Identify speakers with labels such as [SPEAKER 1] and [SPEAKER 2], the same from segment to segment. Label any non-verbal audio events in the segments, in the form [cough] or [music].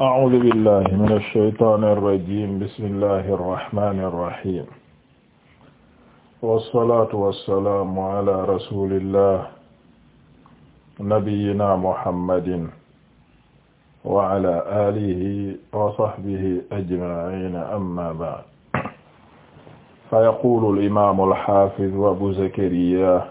[SPEAKER 1] أعوذ بالله من الشيطان الرجيم بسم الله الرحمن الرحيم والصلاة والسلام على رسول الله نبينا محمد وعلى آله وصحبه أجمعين أما بعد فيقول الإمام الحافظ أبو زكريا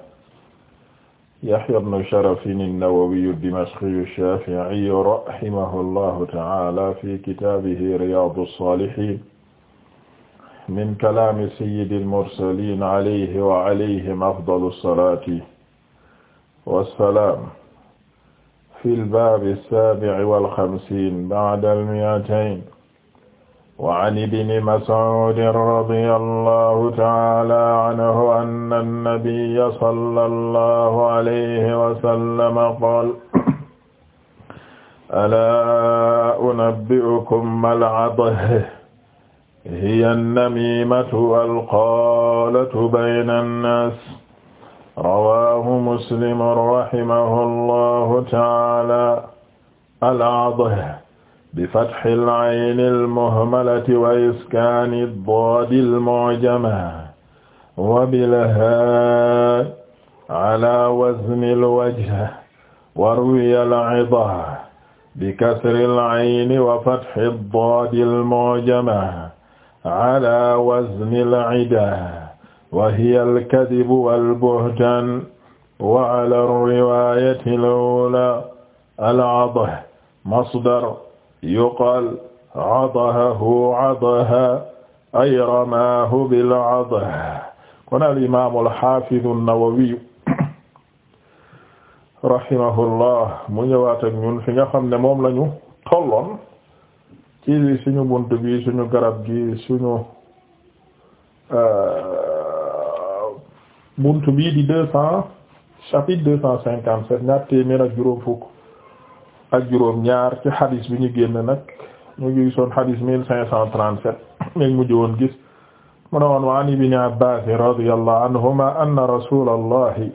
[SPEAKER 1] Yahya ibn Sharafin an-Nawawi ad-Dimashqi ash-Shafi'i rahimahullahu ta'ala fi kitaabihi Riyaadu s-Saalihiin min kalaami sayyidi al-mursaliin alayhi wa alayhim afdalu s-salaati wa s-salaam fi al-baabi as-saabi'i wal-khamsiin ba'da al-mi'atayn wa an ibni mas'uudin radiyallahu ta'aala anhu anna nabiyya sallallahu alayhi wa sallam qaala alaa unabbi'ukum mal 'adha hiya an-namiimatu al-qaalatu bayna an-naas rawaahu muslim rahimahu allahu ta'aala al-'adha bi fathil aynil muhmalati wa iskaani daadil mu'jama wa bilahaa alaa waznil wajhi wa ruwiyal idaa bi kasril ayni wa fathid daadil mu'jama alaa waznil idaa wa hiyal kadibu wal buhtaan wa alaa riwaayatil uulaa al adh masdar yuqal adahahu adaha ay ramaahu bil adah kon al imaam al xaafiz an-Nawawi rahimahullah mu ñëwaat ak ñun fi nga xam ne moom lañu tolloon ci suñu bunt bi suñu garab gi suñu euh, bunt bi di deux cents chapitre deux cent cinquante-sept ñaar téeméer ak juróom fukk ak juróom-ñaar ci xadis bi ñu génn nag ñu ngi gisoon xadis mille cinq cent trente-sept ñu mujj woon gis mu ne woon wa an ibni Abbaas radiyallahu anhuma anna rasulallahi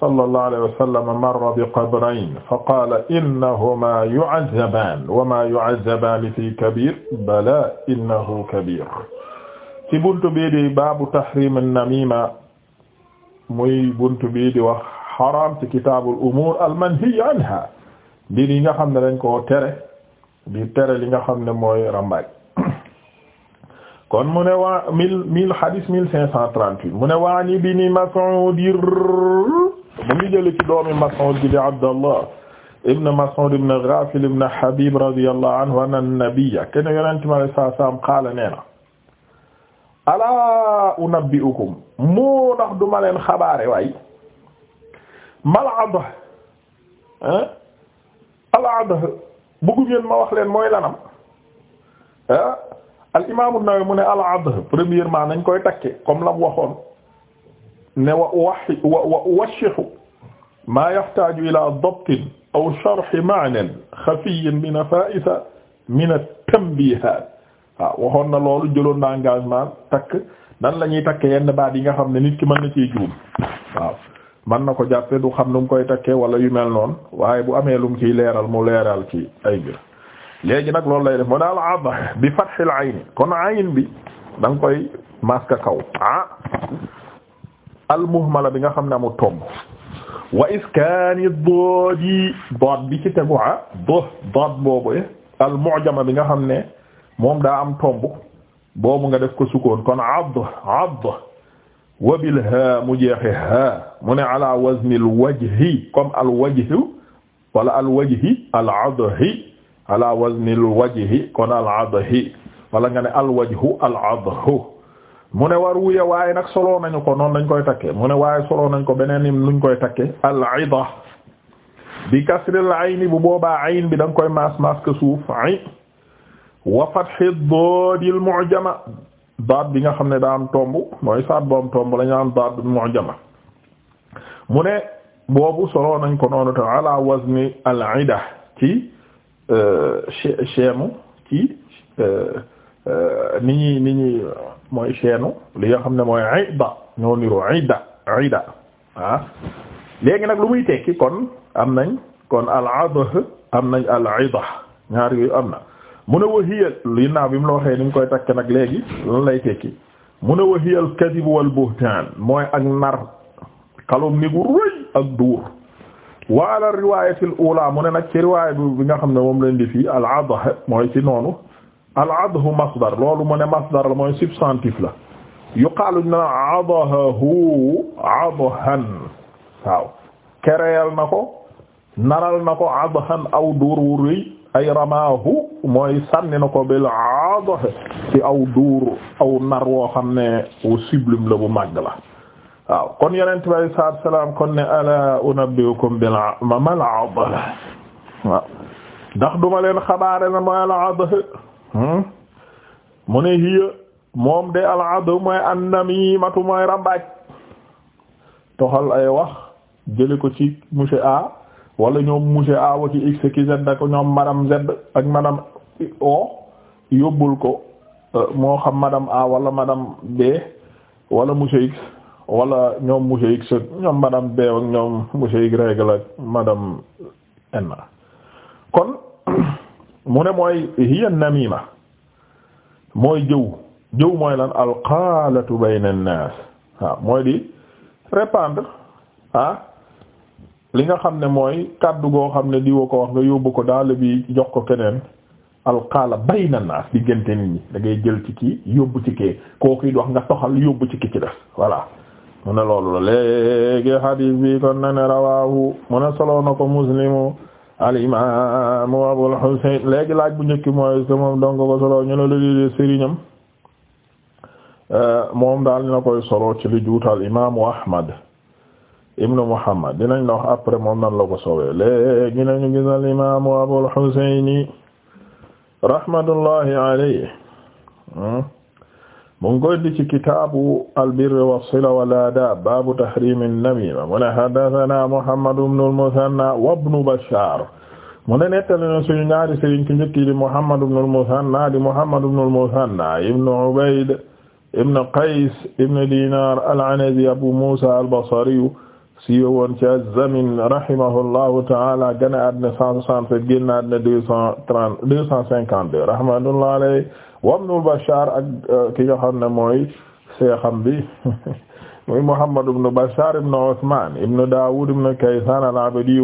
[SPEAKER 1] sallallahu alayhi wa sallam marra bi qabrayn fa qaala innahuma yu'azzabaan wa maa yu'azzabaan fi kabiir balaa innahu kabiir ci buntu bii di baabu tahriim an-namiima muy buntu bii di wax xaraam ci kitaabul umuur al-manhiyyi anhaa mbir yi nga xam ne dañ koo tere di tere li nga xam ne mooy rambaaj kon mu ne waa mille mille hadis mille cinq cent trente-huit mu ne waa ni bi ni Mas'ud mu ngi jële ci doomi Mas'ud gi di Abdallah ibn Mas'ud ibn Ghafil ibn Habib radiyallahu anhu anna nabiyya kene yonente mi alay saa salaam qaala nee na alaa unabbi'ukum moo ndax duma leen xabaare waay mal ada alaadaha bëggu ngeen ma wax leen mooy lanam ah al imaamu Nawawi mu ne alaadaha premièrement nañ koy takke comme la waxoon ne wa waxi wa wa washihu maa ila dabtin aw sharhi ma'nan xafiyin min fa'isa min at-tanbihat ah, waxoon na loolu jëloon na engagement takk nan la ñuy takke yenn baat yi nga xam ne nit ki mën na ciy man na ko jàppe du xam lu mu koy takkee wala yu mel noon waaye bu amee lu mu ciy leeral mu leeral ci ay biir léegi nag loolu lay def moo daal adh bi fathil ayn kon ayn bi danga nga koy maska kaw ah al muhmala bi nga xam ne amu tomb wa iskaani dood bi ci tegu ah do doot boobu eh al mu'jama bi nga xam ne moom daa am tomb boobu nga def ko sukkoon kon adh adh wabil ha mu jeexe ha mu ne ala wazni al wajhi comme al wajhu wala al wajhi al adhi ala wazni al wajhi kon al adhi wala nga ne al wajhu al adhu ne war waaye nag soloo nañu ko noonu lañ koy takke mu ne waaye soloo nañ ko beneen ni nuñ koy takke al ida bi kasril ayni bu boobaa ayn bi da nga koy maas maas ka suuf ay wa fathi dodil mu'jama baat bi nga xam ne daa am tomb mooy saat bu am tomb la ñu am baat mu'jama mu ne boobu solo nañ ko noonu tam ala wazni al-ida ci euh, cheenu ci euh, ni ñi ni ñi mooy cheenu li nga xam ne mooy ida ñoo niru ida ah léegi nag lu muy tekki kon am nañ kon al-adh am nañ al-ida ñaar yooyu am na mu ne wahiyal ginnaaw bi mu la ni ñu koy takke nag léegi lan lay tekki mu ne wahiyal kadib wal buhtaan mooy ak nar calomnie gu rëy ak duur wa ala riwayatil ula mu ne nag ci bi nga xam ne moom leen di fii al adh mooy ci noonu al adhu masdar loolu mu ne masdar la mooy substantif la yuqaalu na adahahu adhan ko naral na ko adhan aw duur ay ramaahu mooy sànni na ko bil adah ci aw duur aw nar woo xam ne wu siblim la bu màgg la kon yonent bi alayhi salaatu wa salaam kon ne ala unabbiukum bil mal adah waaw ndax duma leen xabaare na mooy al adah hmm? mu ne hiya moom de al adah mooy an-namimatu mooy rambaaj toxal ay wax jële ko ci monsieur A wala ñoom monsieur awa ci x ki z ak ñoom madame z ak madame o yóbbul ko euh, moo xam madame a wala madame b wala monsieur x wala ñoom monsieur x ñoom madame b ak ñoom monsieur y ak madame n kon [clears throat] mu ne mooy hiya namima mooy jëw jëw mooy lan alqaalatu bayna an-naas waaw mooy di répandre ah, li nga xam ne mooy kàddu goo xam ne di wa ko wax nga yóbbu ko daal bi jox ko keneen alqaala bayna naas diggante nit ñi da ngay jël ci kii yóbbu ci kii kooku it wax nga toxal yóbbu ci ki ci def voilà mu ne loolu la léegi hadis bi kon na ne rawahu mu ne soloo na ko muslimu al imam abul husayn léegi laaj bu njëkk mooy sa moom donc ko soloo ñu ne lolide sëriñam euh, moom daal na koy solo ci li juutal imaamu ahmad ibnu Muhammad dinañ la wax après moom nan la ko soobee léegi nañu gis al imaamu Abul Husayni rahmatullahi alayhi mu ngi koy di ci kitaabu albirri wassila wal aadaab baabu tahriimi namiima mu ne haddasanaa Muhammadu ibnul Musanna wa ibnu Bashaar mu ne nettali na suñu ñaari sëriñ ki njëkk di Muhammadu ibnul Musanna di Muhammadu ibnul Musanna ibnu Ubayd ibnu Qays ibnu Diinaar al-Anazi Abu Muusaa al-Basri siiwe woon ci az-Zamin rahimahullahu ta'ala gane àddina cent soixante-sept génn àddina deux cent trente deux cent cinquante-deux rahmatullahi alayhi wa Ibnul Bashar ak euh, ki nga xam ne mooy seexam bi [laughs] muy Muhammad ibn Bashar ibn Uthman ibn Dawud ibn Kaysan al-Abdi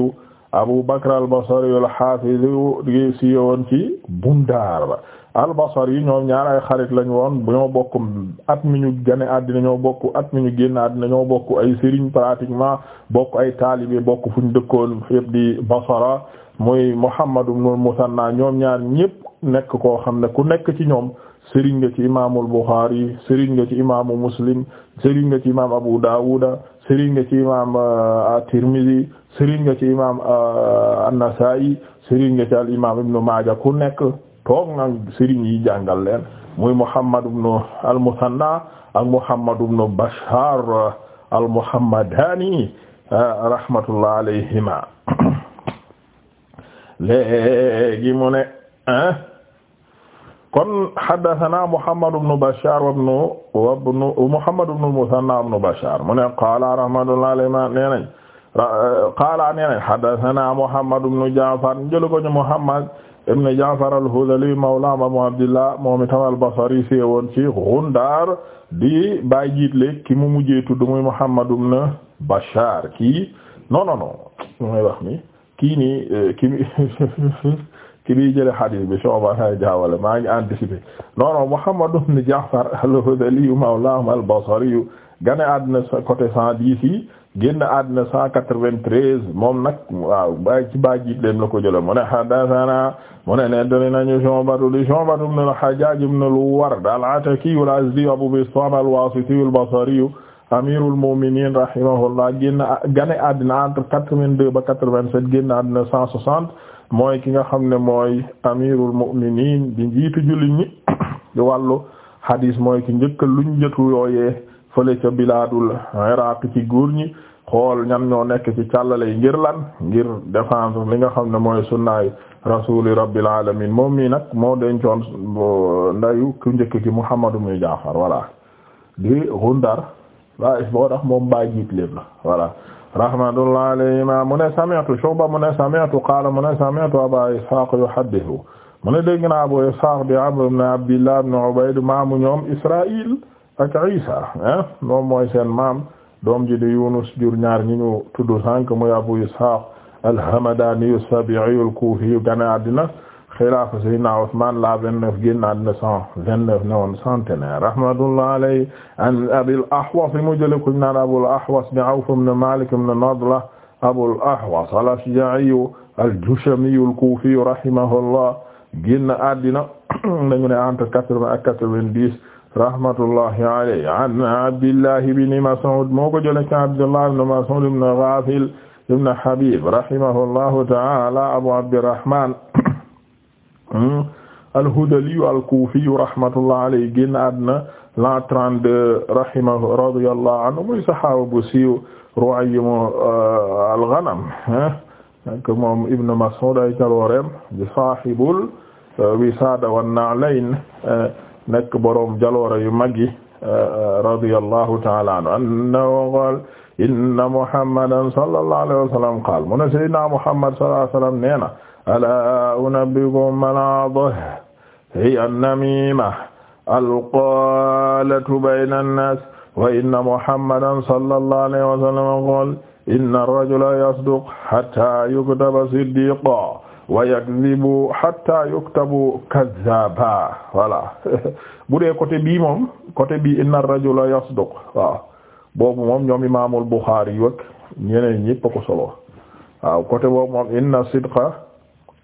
[SPEAKER 1] Abu Bakr al-Basri al-Hafiz si siiwoon ci Bundaar ba al yi ñoom ñaar ay xarit lañu woon ñoo bokk at mi ñu gane àddina ñoo bokk at mi ñu génn àddina ñoo bokk ay sëriñ pratiquement bokk ay taalibe bokk fu ñu dëkkoon yëpp di Basra muy Muhammad ibn al-Muthanna ñoom ñaar ñëpp nekk koo xam ne ku nekk ci ñoom. sëriñ nga ci imaamul Bukhari sëriñ nga ci imaamu Muslim sëriñ nga ci imaam Abu Dawuda sëriñ imaam euh, at-Tirmidhi sëriñ imaam euh, an-Nasa'i sëriñ al imaam Ibn Maaja ku nekk toog nga sëriñ yi jàngal leen muy Muhammad ibn al-Muthanna ak Muhammad ibn Bashar al-Muhammadani euh, rahmatullah alayhima [coughs] léegi mu ne kon haddasanaa Muhammad ibn Bashaar wa ibnu wa ibnu Muhammad ibn Musanna ibn Muhammad ibn Ja'far Muhammad ibn Ja'far al-Hudhali mawla Abdillah moom al-Basri fi woon ci Ghundar di bàyyi jiitle ki mu mujjee tudd muy Muhammad ibn Bashaar kii non non non mooy wax eh, mi kii [laughs] ki bi jële hadith bi Shu'ba hay jaawale maa ngi anticiper non non Muhammad ibn Ja'far al-Hudhali mawlahum al-Basri gane àddina côté cent dix yi génn àddina cent quatre-vingt-treize moom nag waaw ba ci ba jiitleem la ko jële mu ne hadathana mu ne nettali nañu Shu'ba di Shu'ba ibn al-Hajjaj ibn al-Ward al-Ataki al-Azdi Abu Bistam al-Wasiti al-Basri amirul mu'minin rahimahullah génn gane àddina entre quatre-vingt-deux ba quatre-vingt-sept génn àddina cent soixante mooy ki nga xam ne mooy amirul mu'minin di njiitu jullit ñi [coughs] di wàllu hadis mooy ki lu ñu jëtu yooye fële ca bilaadul iraq ci góor ñi xool ñan ñoo nekk ci càllale yi ngir lan ngir défendre li nga xam ne mooy sunnaay rasuli rabbil alamin moom mii nag moo dencoon ndayu ku njëkk ki muhammadu muy jaafar voilà di Gundar waaye boo tax moom baa jiit lépp la voilà rahmatullah alayhima mu ne sami'tu Shu'ba mu ne sami'tu qaala mu ne sami'tu Aba Ishaq yuhaddithu mu ne dégg naa Abu Ishaq bi Amr ibn Abdillah ibn Ubayd maamu ñoom Israa'il ak Isa ah moom mooy seen maam doom ji di Yunus jur ñaar ñi ñu tudd sànq muy Abu Ishaq al-Hamdani as-Sabi'i al-Kufi gane àddina xilaafa sayyidina Usmaan la vingt-neuf génnaat na cent vingt-neuf ne woon centenaire rahmatullah alayhi an Abil Ahwas mu jële ko naan Abul Ahwas bi Awf ibn Maalik ibn Nadla Abul Ahwas al-Ashja'i al-Jushami al-Kufi rahimahullah génn àddina [coughs] dañu ne entre quatre-vingt ak quatre-vingt-dix rahmatullahi alayhi an Abdillah ibn Mas'ud moo ko jële ci Abdullah ibn Mas'ud ibn Ghafil ibn Habib rahimahullahu ta'ala Abu Abdirrahman [coughs] al-Hudaliyu al-Kufiyu rahmatullah alayhi génn àddina l'an 32 rahimahu radiyallahu anhu muy saxaaba bu siiw Ruaym euh, al-Ghanam nak moom Ibn Mas'ud ay jalooreem di saahibul euh, wisaada wan-na'layn euh, nekk boroom jaloore yu mag yi radiyallahu ta'ala anhu inna muhammadan sallallahu alayhi wa sallam qaal mu ne sayyidina muhammad sallallahu alayhi wa sallam nee na alaa unabbi'ukum mal 'adatu hiya an-namima al-qalatu bayna an-nas wa inna muhammadan sallallahu alayhi wa sallam qaal inna ar-rajula yasduqu hatta yuktaba siddiqan wa yakzibu hatta yuktabu kazzaba voilà [laughs] bu dee côté bii moom côté bii inna ar-rajula yasduqu waaw boobu moom ñoom imaamul Buxaari yu ak ñeneen ñëpp a ko solo waaw côté boobu moom inna sidqa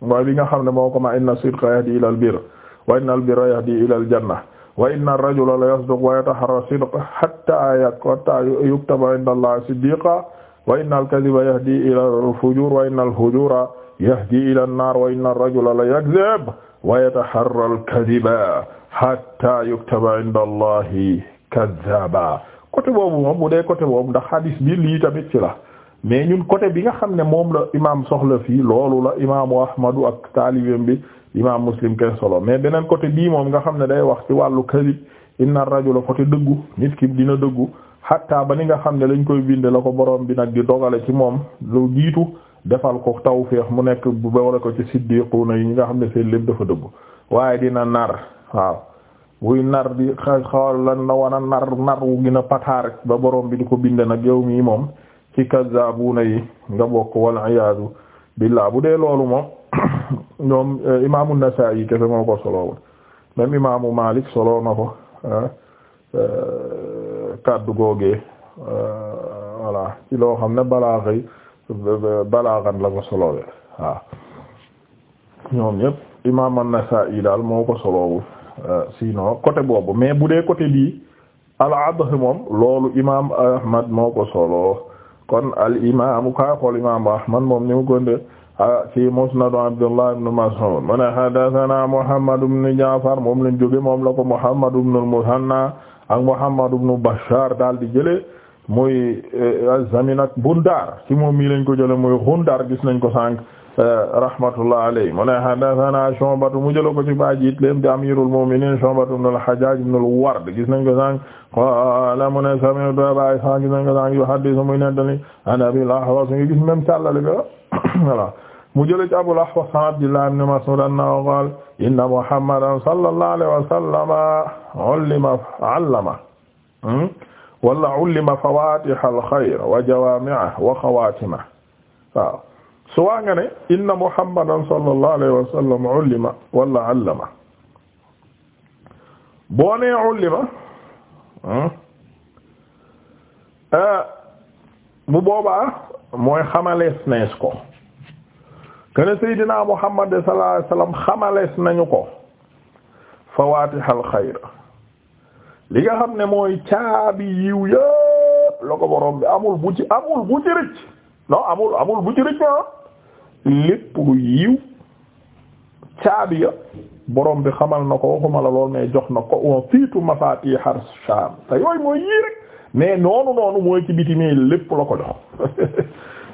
[SPEAKER 1] mooy li nga xam ne moo ko ma inna sidqa yahdi ilal birr wa inna al birra yahdi ilal janna wa inna ar-rajula la yasduq wa yataharra sidqa hatta yuktaba inda Allah siddiqa wa inna al-kadhiba yahdi ilal fujur wa inna al-fujura yahdi ilal naar wa inna ar-rajula la yakdhib wa yataharra al-kadhiba hatta yuktaba inda Allah kadhaba côté boobu moom bu dee côté boobu ndax hadis bi lii tamit ci la mais ñun côté bi nga xam ne moom la imaam soxla fii loolu la imaamu ahmadu ak taalibeem bi imaam muslim kenn solo mais beneen côté bii moom nga xam ne day wax ci wàllu kadib inna la côté dëggu nit ki dina dëggu hatta ba ni nga xam ne lañ koy binde la ko boroom bi nag di dogale ci moom lu jiitu defal ko taw tawféex mu nekk bu boole ko ci na yi ñi nga xam ne seen lépp dafa dëggu waaye dina nar waaw buy nar di xool lan la wu gën a pataar ba borom bi di ko bind nag yow mii moom ci kazzabuna yi nga bokk wal iyaadu billah bu dee loolu moom [coughs] ñoom eh, imaamu Nasaa'i kese moo ko solowul même imaamu Maalik solo kaddu eh, eh, googee voilà ci xam ne balaaxa yi balaaxan la ko solowee waaw ñoom ñépp imaamu Nasaa'i daal moo ko solowul Euh, sinon côté boobu mais bu dee côté lii al adh moom loolu imaam Ahmad moo ko solo kon al imaam ka xool imaam Ahmad moom ni mu gonde ci musnad Abdullah ibn Mas'ud mu ne haddathana Muhammad ibn Ja'far moom lañ jóge moom la ko Muhammad ibn al-Muthanna ak Muhammad ibn Bashar daal di jële muy eh, az-Zamin ak Bundar ci moom mii lañ ko jële muy Gundar gis nañ ko sànq rahmatullah alayhi mu ne haddathana Shu'batu mu jël ko ci baaji it leen di amirul mu'minin Shu'batu ibn al-Hajjaj ibn al-Ward gis nañ ko sànq qaala mu ne sami'tu Aba Ishaq gis nañ ko sànq yuhaddithu muy nettali an Abil Ahwas ngi gis même càllale ga [coughs] voilà mu jël ci Abul Ahwas an Abdillah ibn Mas'ud annahu qaala inna Muhammadan sallallahu alayhi wa sallama allama hmm? allama wala allama fawatiha al-khayr wa jawami'ahu wa khawatimahu waaw su waa nga ne inna muhammadan sallallahu alayhi wa sallam ullima wala allama boo nee ullima hmm, eh, bu boobaa mooy xamalees nees ko kene seydina muhammad sallallahu alayhi wa sallam xamalees nañu ko fawaatihal xayr li nga xam ne mooy caabi yiw yëpp la ko borom bi amul bu ci amul bu ci rëcc non amul amul bu ci rëcc ah lépp lu yiw caabi ya borom bi xamal na ko waxuma la lool mais jox na ko on fiitu mafatihar sham te yooyu mooy yii rek mais noonu noonu mooy ci biti mais lépp la ko jox [laughs]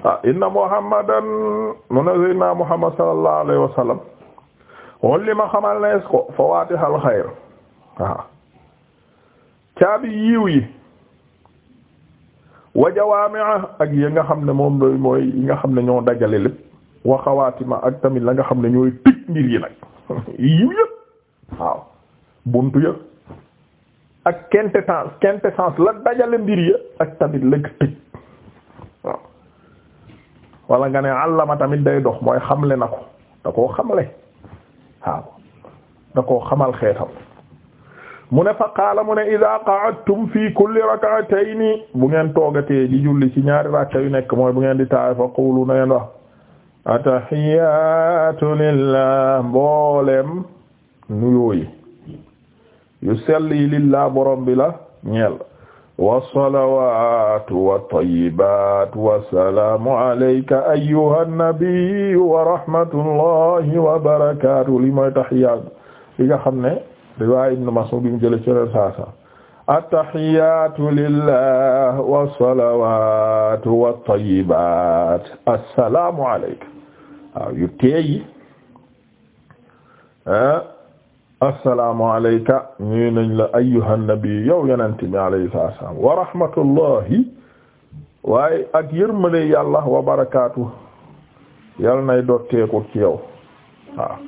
[SPEAKER 1] ah inna muhammadan mu ne sayyidina muhammad sallallahu alayhi wa sallam won li ma xamal nees ko fawaatihal xayr waaw caabi yiw yi wa jawaami'a ak yi nga xam ne moom mooy nga xam ne ñoo dagale lépp wa xawaatima ak tamit la nga xam ne ñooy tëj mbir yi nag yiw yëpp waaw buntu yëpp ak quintessence quintessence la dajale mbir ya ak tamit la nga tëj waaw wala nga ne àllama tamit day dox mooy xamle na ko da koo xamle waaw da koo xamal xeetam mu ne fa qaala mu ne ida qa'adtum fi kulli rak'atayn bu ngeen toogatee di julli ci ñaari rakka yu nekk mooy bu ngeen di taay fa qulu na wax ataxiyaatu lillah mboolem nuyoo yi yu sell yi lillah borom bi la ñeel wasalawaatu watayibaatu wasalaamu alayka ayyuha nnabiyu wa rahmatullahi wa barakaatu li mooy taxiyaat li nga xam ne riwaaya Ibn Mas'ud bi mu jële ci ren saa saa attaxiyaatu lillah wasalawaatu watayibaat assalaamu alayka waaw yu teey ah, assalaamu alayka ñuy nañ la ayyuha nabi yow yonent bi alayhi salaam wa waaye ak yërmande yàlla wa barakaatu yàlla nay dotteeku ci yow waaw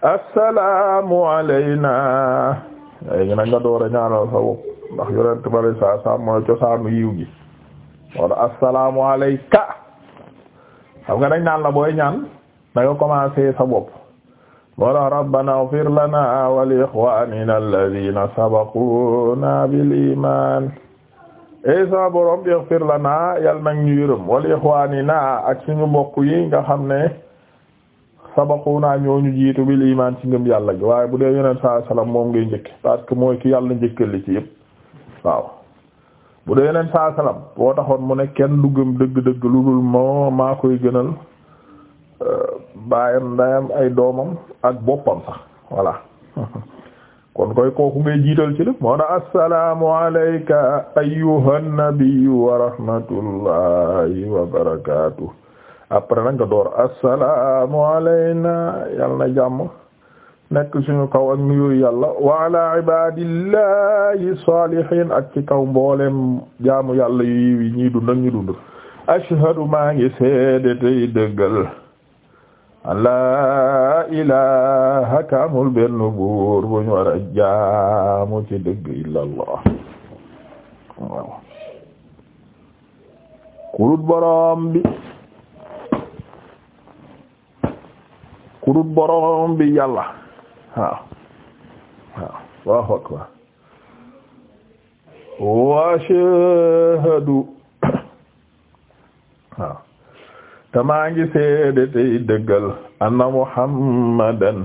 [SPEAKER 1] assalaamu alayna léegi nag nga door a ñaanal ndax yonent bi alayhi mooy cosaanu yiw gi wala assalaamu alayka xam nga dañ naan la booy ñaan da nga commencé sa bopp wala rabbana ighfir lana wa li ikhwanina alladhina sabaquna bil iman e sa borom yal nag ñu yërëm wa li ak suñu mbokk yi nga xam ne sabaquna ñu jiitu bil iman ci ngëm yàlla gi waaye bu dee yeneen saa salaam moom ngay njëkk parce que mooy ki yàlla njëkkal li ci yëpp waaw bu dee leen saa salaam boo taxoon mu ne kenn du gëm dëgg-dëgg lu dul moo maa koy gënal euh, baayam ndayam ay doomam ak boppam sax voilà [laughs] kon koy kooku ngay jiital ci lépp moo na assalaamu alayka ayyuhan nabiyyu wa rahmatullahi après nag door assalaamu alayna yal na jàmm nekk suñu kaw ak nuyu yàlla wa ala ibadillahi salihin ak ci kaw mboolem jaamu yàlla yi ñuy dund ak ñu maa ngi seede tey dëggal la ilaha kaamul benn buur bu ñu war jaamu ci dëgg illa kurut borom bi kurut borom bi yàlla waaw waaw Allahu akbar wa shahadu waaw te maa ngi seede tey dëggal anna Muhammadan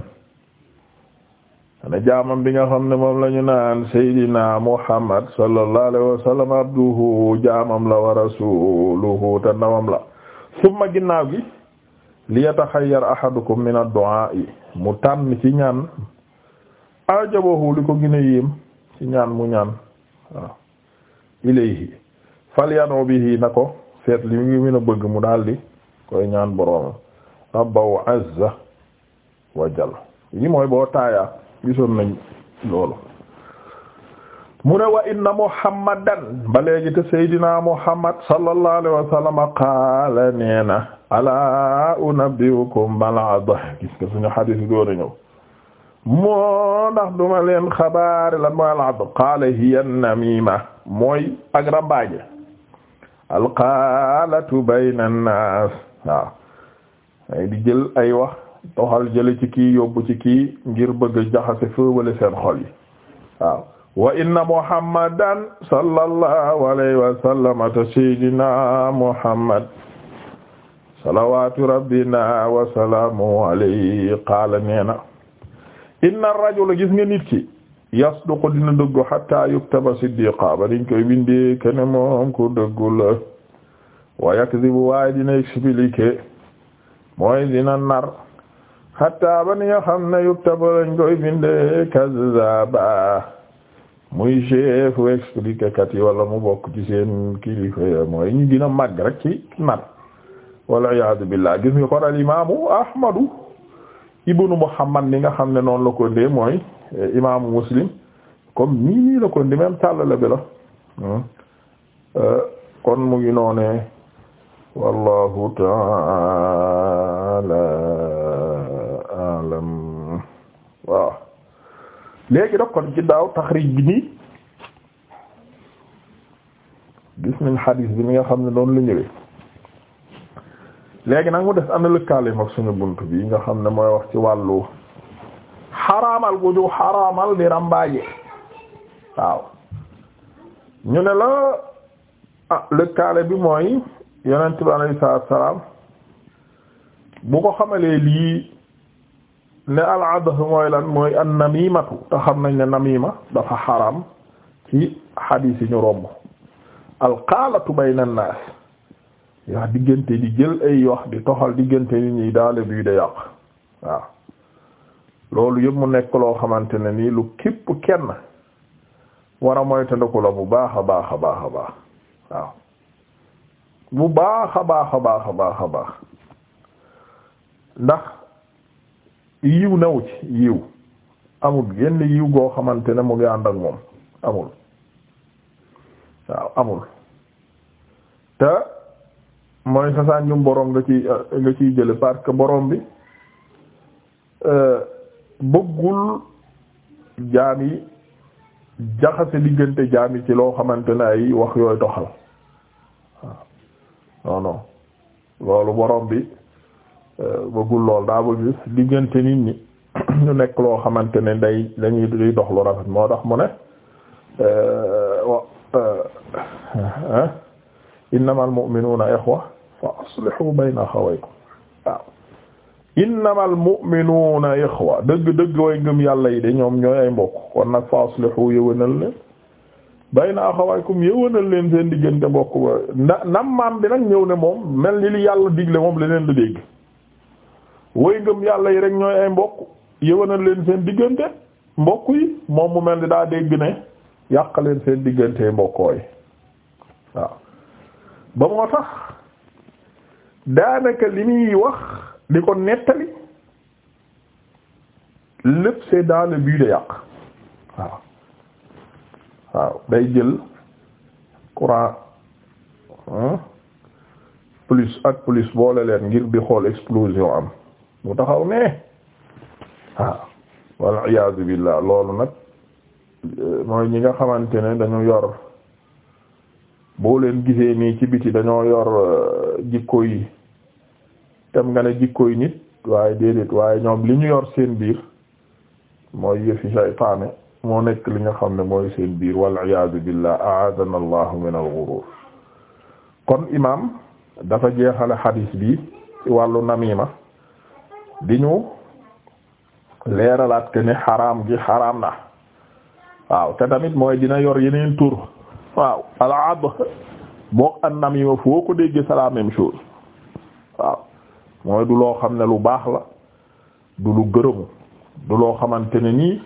[SPEAKER 1] ana jaamam bi nga xam ne moom lañu naan Seydina Muhammad sallallahu alayhi wa sallam abduhu jaamam la wa rasuluhu te la summa ginnaaw gi li yataxayyar ahadukum min ad-du'a mu tànn ci ñaan ajabahu li ko gën a yéem ci ñaan mu ñaan waaw ilayhi falyad'u bihi na ko seet li mu gën bëgg mu daldi koy ñaan boroom rabbahu azza yi mooy boo taayaa gisoon nañ loolu mu ne wa inna muhammadan ba léegi seydina muhammad sallallahu alayhi wa sallam alaa unabbiukum bal adah gis nga suñu xadis yi door a ñëw moo ndax duma leen xabaari lan mooy alad qaala hiya namima mooy ak alqaalatu bayna annaas waaw ay di jël ay wax toxal jële ci kii yóbbu ci kii ngir bëgg jaxase féewale seen xol yi wa inna muhammadan sallallahu alayhi wa sallam ta sayyidina muhammad salawatu rabbina wa salaamu alayhi qaala neena inna rajula gis nga nit ki yasduqu dina dëggu hatta yuktaba siddiqa ba dañ koy bindee kene moom ko dëggu la wa yakdibu waaye dina expliquer mooy dina nar hatta ba ni nga xam ne yuktaba lañ koy bindee kazzaba muy chef wu expliqué kat yi wala mu bokk ci seen kilifa mooy ñu gën a màgg rek ci nar wala iyaadu billah gis nga kon al Ahmadu ibnu Muhammad ni nga xam ne noonu la ko ndee mooy eh, imaamu Muslim comme nii nii la ko ndee même hmm. eh, kon mu ngi noonee wallahu ta'ala alam waaw léegi daf kon ginnaaw taxrij bi nii gis nañ xadiis bi mi nga xam ne doon la ñëwee léegi nag mu des ana lëkkaaleem ak suñu bunt bi nga xam ne mooy wax ci wàllu xaraamal gu ñu xaraamal di ràmbaaje waaw ñu ne la ah lëkkaale bi mooy yonent bi alayhi salaam bu ko xamalee lii ne al-adah mooy lan mooy an-namimatu te xam nañ ne namima dafa xaraam ci xadiis yi ñu romb al-qaalatu bayna an-naas yaa diggante di jël ay wax di toxal diggante nit ñi daale bii da yàq waaw loolu yëpp mu nekk loo xamante ne nii lu képp kenn war a moytandiku la bu baax a baax a baax a baax waaw bu baax a baax a baax a baax a baax ndax yiw naw ci yiw amul genn yiw goo xamante ne mu ngi ànd ak moom amul waaw amul te mooy sa sànjum boroom nga ci eh, nga ciy jële parce que boroom bi eh, bëggul jaam yi jaxase diggante jaam yi ci loo xamante ne ay wax yooy doxal waaw loolu boroom bi Euh, bëggul lool daa bëgg diggante nit ñi [clears throat] ñu nekk loo xamante ne day dañuy duy dox lu rafet moo tax mu ne euh, euh, innamal mu'minuuna ixwa fa aslihu bayna axawaykum waaw innamal mu'minuuna ixwa dëgg dëgg way ngëm yàlla yi de ñoom ñooy ay mbokk kon nag fa aslihu yëwénal leen bayna axawaykum yëwénal leen seen diggante mbokk ba na nam maam bi nag ñëw ne moom mel ni li yàlla digle moom leneen la dégg way ngëm yàlla yi rek ñooy ay mbokk yëwanal leen seen diggante mbokk yi moom mu mel ni daa dégg ne yàq seen diggante mbokkoo yi waaw ba moo tax daanaka li muy wax li ko nettali lépp c'est dans de yàq waaw waaw day jël courant plus ak plus boole leen ngir di xool explosion am mu taxaw ne waaw ah, wal iyaazu billah loolu nag eh, mooy ñi nga xamante ne dañu yor boo leen gisee nii ci biti dañoo yor eh, jikko yi tam nga ne jikko yi nit waaye déedéet waaye ñoom li ñu yor seen biir mooy yëfi saytaane moo nekk li nga xam ne mooy seen biir wal iyaazu billah aadana allahu min al ghurur kon imaam dafa jeexale xadiis bi ci wàllu namima di ñu leeralaat ke ne xaraam gi xaraam na waaw te tamit mooy dina yor yeneen tur waaw alaab boog an namima foo ko dégg c'est la waaw mooy du loo xam ne lu baax la du lu gërëmu du loo xamante ne nii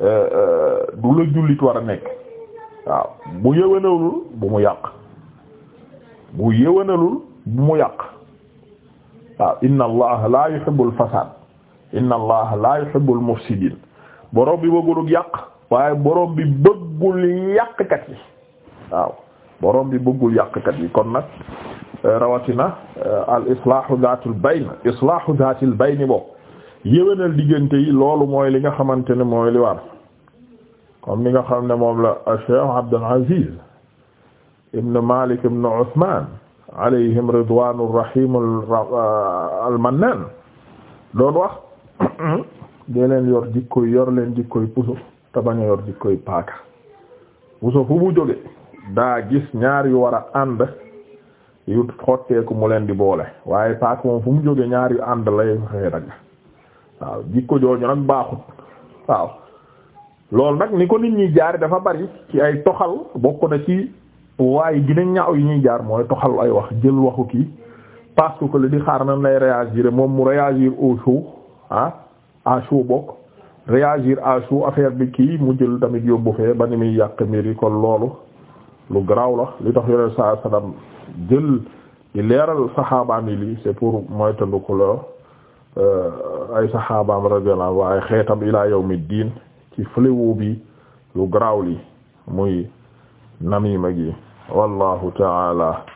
[SPEAKER 1] euh, euh, du la jullit war a nekk waaw bu yëwënalul bu mu yàq bu yëwënalul bu mu yàq waaw inna allaha la yuhibbul fasad inna allaha la yuhibbul mufsidin borom bi bëggul yàq waaye borom bi bëggul yàqkat yi waaw borom bi bëggul yàqkat yi kon nag euh, rawatina euh, al islahu dhatul bayn islahu dhatil bayn bo yéwénal diggante yi loolu mooy li nga xamante ne mooy li war comme li nga xam ne moom la Cheikh Abdul Aziz ibn Malik ibn Uthman alayhim ridwanu rahim euh, almannan doon wax [clears throat] dee leen yor jikkoy yor leen jikkoy puso te yor jikkoy paaka puso fu mu jóge daa gis ñaar yu war a ànd yu xotteeku mu leen di boole waaye paaka moom fu mu jóge ñaar yu ànd lay fexee dagg waaw jikko jooju nag baaxut waaw loolu nag ni ko nit ñi jaari dafa bari ci ay toxal bokk na ci waaye gina ñaaw yi ñuy jaar mooy toxal ay wax jël waxu kii parce que le di xaar nan lay réagir moom mu réagir au chaud ah à chaud bokk réagir à chaud affaire bi kii mu jël tamit yóbbu fee ba ni muy yàq mbir yi kon loolu lu garaaw la li tax yore saa salaam jël di leeral saxaabaam yi lii c'est pour moytandu ko la euh, ay saxaabaam radiyallahu waaye xeetam ilaa yawmi diin ci fléau bi lu garaaw li muy namiima gi wallahu taala